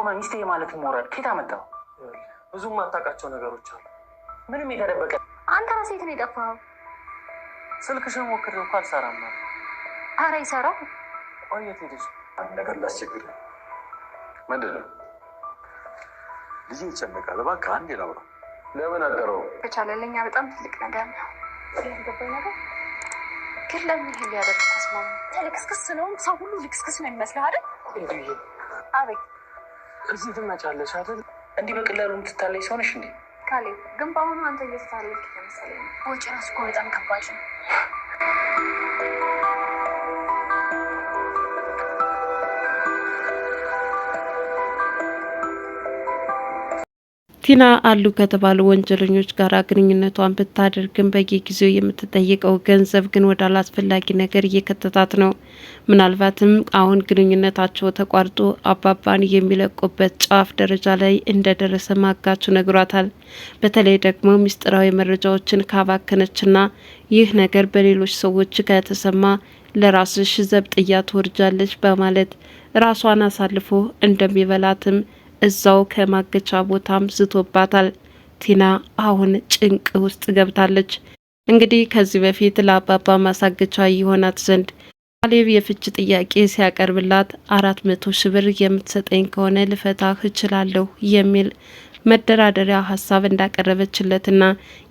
ቆመ ሚስቴ ማለት ሞረድ ኬት አመጣው። ብዙም የማታውቃቸው ነገሮች አሉ። ምንም የተደበቀ አንተ ራስህ የት ነው የጠፋኸው? ስልክሽን ሞክር እኮ አልሰራም አለ። ኧረ ይሰራው። ቆይ የት ሄደሽ? አንድ ነገር ላስቸግር። ምንድን ነው? ልጄ ይጨነቃል። እባክህ አንዴ ላውራ። ለምን አደረው? ከቻለ ለኛ በጣም ትልቅ ነገር ነው። ያልገባኝ ነገር ግን ለምን ይሄ ሊያደርግ ተስማሙ? ልክስክስ ነው። ሰው ሁሉ ልክስክስ ነው የሚመስልህ አይደል? አቤት እዚህ ትመጫለሽ አይደል? እንዲህ በቀላሉ የምትታለይ ሰው ነሽ እንዴ? ካሌ ግን በአሁኑ አንተ እየተታለልክ መሰለኝ። ወጪ ራሱ እኮ በጣም ከባድ ነው። ቲና አሉ ከተባሉ ወንጀለኞች ጋር ግንኙነቷን ብታደርግን በየጊዜው የምትጠይቀው ገንዘብ ግን ወደ አላስፈላጊ ነገር እየከተታት ነው። ምናልባትም አሁን ግንኙነታቸው ተቋርጦ አባባን የሚለቁበት ጫፍ ደረጃ ላይ እንደደረሰ ማጋቹ ነግሯታል። በተለይ ደግሞ ምስጢራዊ መረጃዎችን ካባከነችና ይህ ነገር በሌሎች ሰዎች ከተሰማ ለራስሽ ዘብጥያ ትወርጃለች በማለት ራሷን አሳልፎ እንደሚበላትም እዛው ከማገቻ ቦታም ዝቶባታል። ቲና አሁን ጭንቅ ውስጥ ገብታለች። እንግዲህ ከዚህ በፊት ለአባባ ማሳገቻ ይሆናት ዘንድ ካሌብ የፍች ጥያቄ ሲያቀርብላት አራት መቶ ሺ ብር የምትሰጠኝ ከሆነ ልፈታህ እችላለሁ የሚል መደራደሪያ ሀሳብ እንዳቀረበችለትና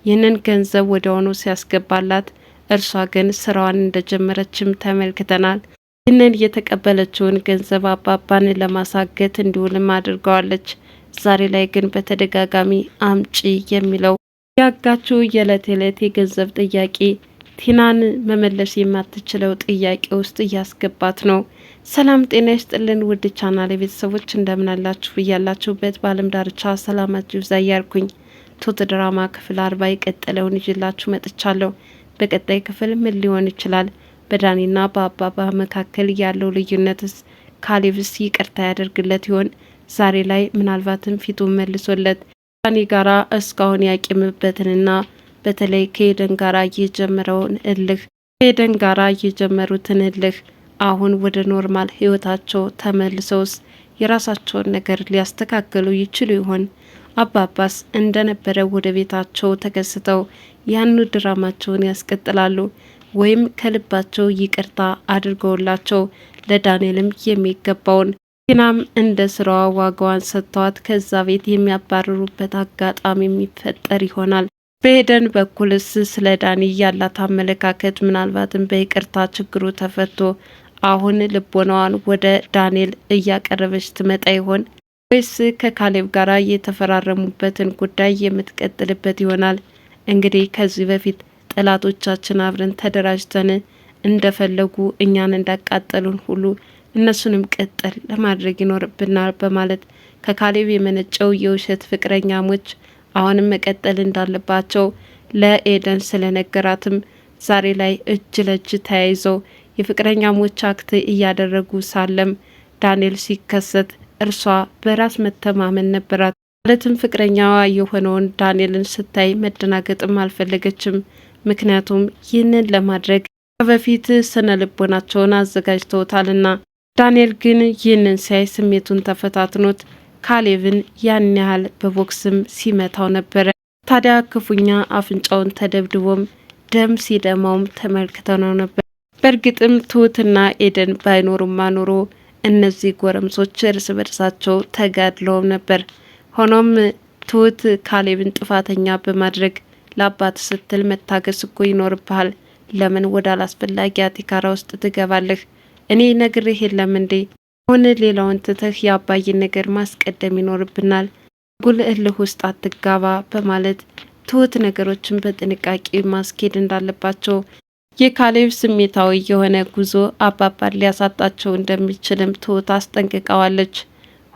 ይህንን ገንዘብ ወዲያውኑ ሲያስገባላት እርሷ ግን ስራዋን እንደጀመረችም ተመልክተናል። ይህንን የተቀበለችውን ገንዘብ አባባን ለማሳገት እንዲውልም አድርገዋለች። ዛሬ ላይ ግን በተደጋጋሚ አምጪ የሚለው ያጋችው የዕለት ዕለት የገንዘብ ጥያቄ ቲናን መመለስ የማትችለው ጥያቄ ውስጥ እያስገባት ነው። ሰላም ጤና ይስጥልን ውድ ቻናል ቤተሰቦች እንደምናላችሁ እያላችሁበት በአለም ዳርቻ ሰላማችሁ ይብዛ እያልኩኝ ትሁት ድራማ ክፍል አርባ የቀጠለውን ይዤላችሁ መጥቻለሁ። በቀጣይ ክፍል ምን ሊሆን ይችላል በዳኒና በአባባ መካከል ያለው ልዩነትስ ካሌብስ ይቅርታ ያደርግለት ይሆን? ዛሬ ላይ ምናልባትም ፊቱን መልሶለት ዳኒ ጋራ እስካሁን ያቂምበትንና በተለይ ከኤደን ጋራ የጀመረውን እልህ ከኤደን ጋራ የጀመሩትን እልህ አሁን ወደ ኖርማል ህይወታቸው ተመልሰውስ የራሳቸውን ነገር ሊያስተካከሉ ይችሉ ይሆን? አባባስ እንደነበረ ወደ ቤታቸው ተከስተው ያኑ ድራማቸውን ያስቀጥላሉ። ወይም ከልባቸው ይቅርታ አድርገውላቸው ለዳንኤልም የሚገባውን ቲናም እንደ ስራዋ ዋጋዋን ሰጥተዋት ከዛ ቤት የሚያባርሩበት አጋጣሚ የሚፈጠር ይሆናል። በሄደን በኩልስ ስለ ዳኒ ያላት አመለካከት ምናልባትም በይቅርታ ችግሩ ተፈቶ አሁን ልቦናዋን ወደ ዳንኤል እያቀረበች ትመጣ ይሆን ወይስ ከካሌብ ጋር የተፈራረሙበትን ጉዳይ የምትቀጥልበት ይሆናል? እንግዲህ ከዚህ በፊት ጠላቶቻችን አብረን ተደራጅተን እንደፈለጉ እኛን እንዳቃጠሉን ሁሉ እነሱንም ቅጥል ለማድረግ ይኖርብናል በማለት ከካሌብ የመነጨው የውሸት ፍቅረኛሞች አሁንም መቀጠል እንዳለባቸው ለኤደን ስለነገራትም ዛሬ ላይ እጅ ለእጅ ተያይዘው የፍቅረኛሞች አክት እያደረጉ ሳለም ዳንኤል ሲከሰት እርሷ በራስ መተማመን ነበራት። ማለትም ፍቅረኛዋ የሆነውን ዳንኤልን ስታይ መደናገጥም አልፈለገችም። ምክንያቱም ይህንን ለማድረግ ከበፊት ስነ ልቦናቸውን አዘጋጅተውታልና። ዳንኤል ግን ይህንን ሲያይ ስሜቱን ተፈታትኖት ካሌብን ያን ያህል በቦክስም ሲመታው ነበረ። ታዲያ ክፉኛ አፍንጫውን ተደብድቦም ደም ሲደማውም ነው ነበር። በእርግጥም ትሁትና ኤደን ባይኖሩም ማኖሮ እነዚህ ጎረምሶች እርስ በርሳቸው ተጋድለውም ነበር። ሆኖም ትሁት ካሌብን ጥፋተኛ በማድረግ ለአባት ስትል መታገስ እኮ ይኖርብሃል። ለምን ወደ አላስፈላጊ አቲካራ ውስጥ ትገባለህ? እኔ ነግሬህ የለም እንዴ? አሁን ሌላውን ትተህ የአባይን ነገር ማስቀደም ይኖርብናል። ጉል እልህ ውስጥ አትጋባ በማለት ትሁት ነገሮችን በጥንቃቄ ማስኬድ እንዳለባቸው የካሌብ ስሜታዊ የሆነ ጉዞ አባባን ሊያሳጣቸው እንደሚችልም ትሁት አስጠንቅቀዋለች።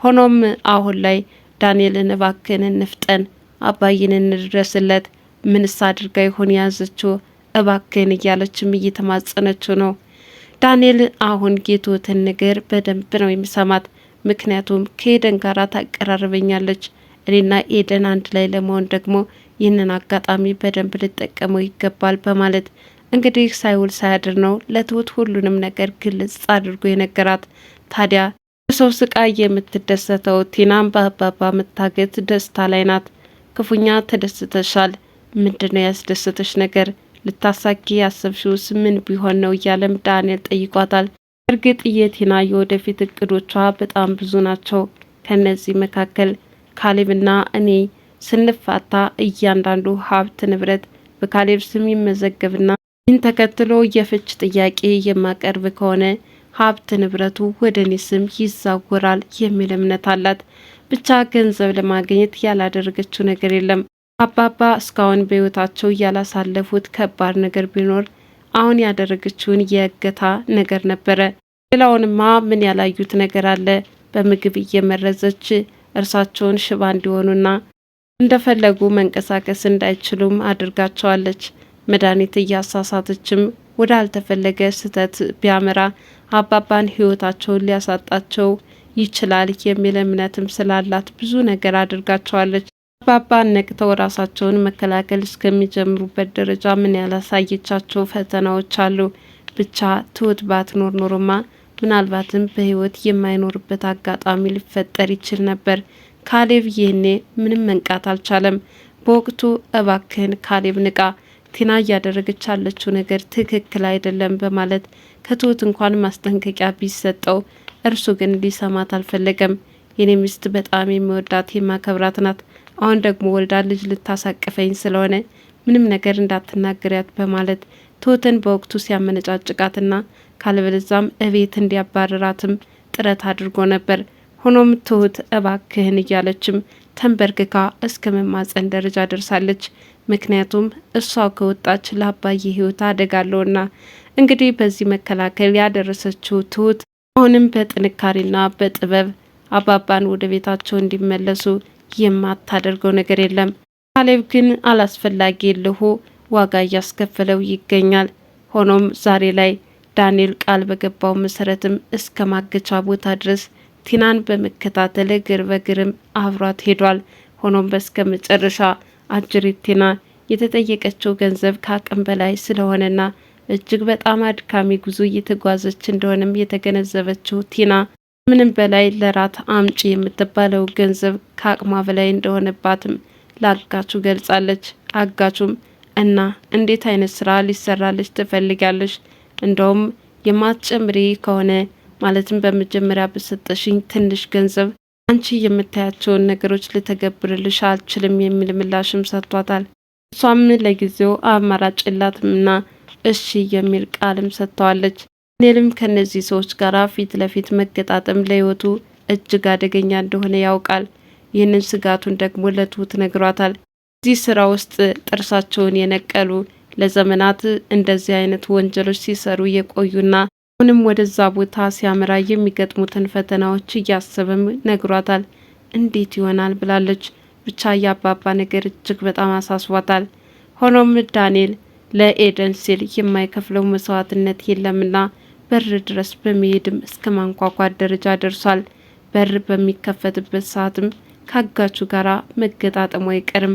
ሆኖም አሁን ላይ ዳንኤልን እባክን እንፍጠን፣ አባይን እንድረስለት ምንስ አድርጋ ይሆን የያዘችው? እባክን እያለችም እየተማጸነችው ነው። ዳንኤል አሁን የትሁትን ነገር በደንብ ነው የሚሰማት። ምክንያቱም ከኤደን ጋር ታቀራርበኛለች። እኔና ኤደን አንድ ላይ ለመሆን ደግሞ ይህንን አጋጣሚ በደንብ ልጠቀመው ይገባል በማለት እንግዲህ ሳይውል ሳያድር ነው ለትሁት ሁሉንም ነገር ግልጽ አድርጎ የነገራት። ታዲያ ሰው ስቃይ የምትደሰተው ቲናም በአባባ መታገት ደስታ ላይ ናት። ክፉኛ ተደስተሻል ምንድን ነው ያስደሰተች ነገር ልታሳኪ ያሰብሽውስ ምን ቢሆን ነው እያለም ዳንኤል ጠይቋታል። እርግጥ የቲና የወደፊት እቅዶቿ በጣም ብዙ ናቸው። ከነዚህ መካከል ካሌብና እኔ ስንፋታ እያንዳንዱ ሀብት ንብረት በካሌብ ስም ይመዘገብና ይህን ተከትሎ የፍች ጥያቄ የማቀርብ ከሆነ ሀብት ንብረቱ ወደ እኔ ስም ይዛወራል የሚል እምነት አላት። ብቻ ገንዘብ ለማግኘት ያላደረገችው ነገር የለም። አባባ እስካሁን በህይወታቸው እያላሳለፉት ከባድ ነገር ቢኖር አሁን ያደረገችውን የእገታ ነገር ነበረ። ሌላውንማ ምን ያላዩት ነገር አለ? በምግብ እየመረዘች እርሳቸውን ሽባ እንዲሆኑና እንደፈለጉ መንቀሳቀስ እንዳይችሉም አድርጋቸዋለች። መድኃኒት እያሳሳተችም ወደ አልተፈለገ ስህተት ቢያመራ አባባን ህይወታቸውን ሊያሳጣቸው ይችላል የሚል እምነትም ስላላት ብዙ ነገር አድርጋቸዋለች። አባባ ነቅተው ራሳቸውን መከላከል እስከሚጀምሩበት ደረጃ ምን ያላሳየቻቸው ፈተናዎች አሉ። ብቻ ትሁት ባትኖር ኖሮማ ምናልባትም በህይወት የማይኖርበት አጋጣሚ ሊፈጠር ይችል ነበር። ካሌብ ይህኔ ምንም መንቃት አልቻለም። በወቅቱ እባክህን ካሌብ ንቃ፣ ቲና እያደረገች ያለችው ነገር ትክክል አይደለም በማለት ከትሁት እንኳን ማስጠንቀቂያ ቢሰጠው እርሱ ግን ሊሰማት አልፈለገም። የኔ ሚስት በጣም የሚወዳት የማከብራት ናት አሁን ደግሞ ወልዳ ልጅ ልታሳቅፈኝ ስለሆነ ምንም ነገር እንዳትናገሪያት በማለት ትሁትን በወቅቱ ሲያመነጫጭቃትና ካልበለዛም እቤት እንዲያባረራትም ጥረት አድርጎ ነበር። ሆኖም ትሁት እባክህን እያለችም ተንበርክካ እስከ መማጸን ደረጃ ደርሳለች። ምክንያቱም እሷ ከወጣች ለአባዬ ህይወት አደጋለውና እንግዲህ በዚህ መከላከል ያደረሰችው ትሁት አሁንም በጥንካሬና በጥበብ አባባን ወደ ቤታቸው እንዲመለሱ የማታደርገው ነገር የለም። ካሌብ ግን አላስፈላጊ ልሁ ዋጋ እያስከፈለው ይገኛል። ሆኖም ዛሬ ላይ ዳንኤል ቃል በገባው መሰረትም እስከ ማገቻ ቦታ ድረስ ቲናን በመከታተል እግር በግርም አብሯት ሄዷል። ሆኖም በስከ መጨረሻ አጅሪት ቲና የተጠየቀችው ገንዘብ ከአቅም በላይ ስለሆነና እጅግ በጣም አድካሚ ጉዞ እየተጓዘች እንደሆነም የተገነዘበችው ቲና ከምንም በላይ ለራት አምጪ የምትባለው ገንዘብ ከአቅሟ በላይ እንደሆነባትም ለአጋቹ ገልጻለች። አጋቹም እና እንዴት አይነት ስራ ሊሰራልሽ ትፈልጋለች እንደውም የማትጨምሪ ከሆነ ማለትም በመጀመሪያ በሰጠሽኝ ትንሽ ገንዘብ አንቺ የምታያቸውን ነገሮች ልተገብርልሽ አልችልም የሚል ምላሽም ሰጥቷታል። እሷም ለጊዜው አማራጭ የላትምና እሺ የሚል ቃልም ሰጥተዋለች። ዳንኤልም ከነዚህ ሰዎች ጋር ፊት ለፊት መገጣጠም ለህይወቱ እጅግ አደገኛ እንደሆነ ያውቃል። ይህንን ስጋቱን ደግሞ ለትሁት ነግሯታል። እዚህ ስራ ውስጥ ጥርሳቸውን የነቀሉ ለዘመናት እንደዚህ አይነት ወንጀሎች ሲሰሩ የቆዩና አሁንም ወደዛ ቦታ ሲያመራ የሚገጥሙትን ፈተናዎች እያሰበም ነግሯታል። እንዴት ይሆናል ብላለች። ብቻ ያባባ ነገር እጅግ በጣም አሳስቧታል። ሆኖም ዳንኤል ለኤደን ሲል የማይከፍለው መስዋዕትነት የለምና በር ድረስ በመሄድም እስከ ማንኳኳት ደረጃ ደርሷል። በር በሚከፈትበት ሰዓትም ካጋቹ ጋር መገጣጠሙ አይቀርም።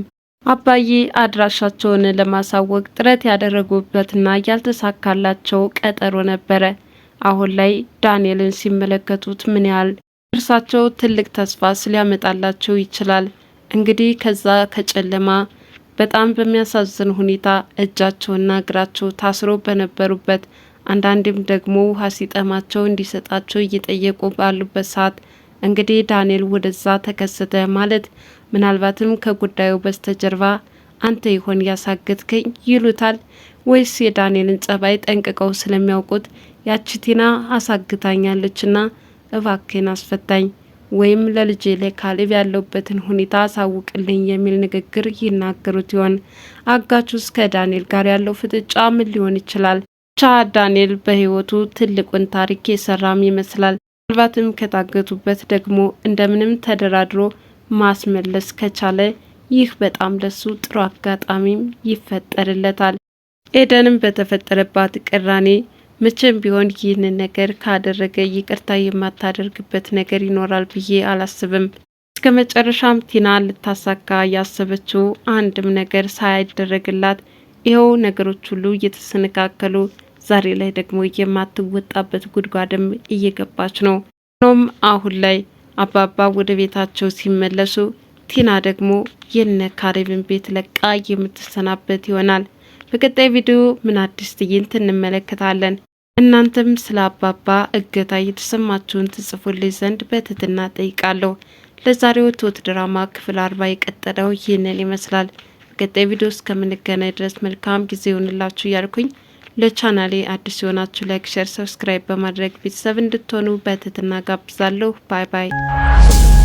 አባዬ አድራሻቸውን ለማሳወቅ ጥረት ያደረጉበትና ያልተሳካላቸው ቀጠሮ ነበረ። አሁን ላይ ዳንኤልን ሲመለከቱት ምን ያህል እርሳቸው ትልቅ ተስፋ ስሊያመጣላቸው ይችላል። እንግዲህ ከዛ ከጨለማ በጣም በሚያሳዝን ሁኔታ እጃቸውና እግራቸው ታስሮ በነበሩበት አንዳንድም ደግሞ ውሃ ሲጠማቸው እንዲሰጣቸው እየጠየቁ ባሉበት ሰዓት እንግዲህ ዳንኤል ወደዛ ተከሰተ ማለት ምናልባትም ከጉዳዩ በስተጀርባ አንተ ይሆን ያሳገትከኝ ይሉታል ወይስ የዳንኤልን ጸባይ ጠንቅቀው ስለሚያውቁት ያቺ ቲና አሳግታኛለችና እባክን አስፈታኝ ወይም ለልጄ ለካሌብ ያለውበትን ሁኔታ አሳውቅልኝ የሚል ንግግር ይናገሩት ይሆን? አጋቹስ ከዳንኤል ጋር ያለው ፍጥጫ ምን ሊሆን ይችላል? ብቻ ዳንኤል በህይወቱ ትልቁን ታሪክ የሰራም ይመስላል። ምናልባትም ከታገቱበት ደግሞ እንደምንም ተደራድሮ ማስመለስ ከቻለ ይህ በጣም ለሱ ጥሩ አጋጣሚም ይፈጠርለታል። ኤደንም በተፈጠረባት ቅራኔ መቼም ቢሆን ይህንን ነገር ካደረገ ይቅርታ የማታደርግበት ነገር ይኖራል ብዬ አላስብም። እስከ መጨረሻም ቲና ልታሳካ ያሰበችው አንድም ነገር ሳይደረግላት ይኸው ነገሮች ሁሉ እየተሰነካከሉ ዛሬ ላይ ደግሞ የማትወጣበት ጉድጓድም እየገባች ነው። ሆኖም አሁን ላይ አባባ ወደ ቤታቸው ሲመለሱ ቲና ደግሞ የነ ካሬብን ቤት ለቃ የምትሰናበት ይሆናል። በቀጣይ ቪዲዮ ምን አዲስ ትዕይንት እንመለከታለን። እናንተም ስለ አባባ እገታ የተሰማችሁን ትጽፉልኝ ዘንድ በትህትና ጠይቃለሁ። ለዛሬው ትሁት ድራማ ክፍል አርባ የቀጠለው ይህንን ይመስላል። በቀጣይ ቪዲዮ እስከምንገናኝ ድረስ መልካም ጊዜ ይሆንላችሁ እያልኩኝ ለቻናሌ አዲስ የሆናችሁ ላይክ፣ ሸር፣ ሰብስክራይብ በማድረግ ቤተሰብ እንድትሆኑ በትህትና ጋብዛለሁ። ባይ ባይ።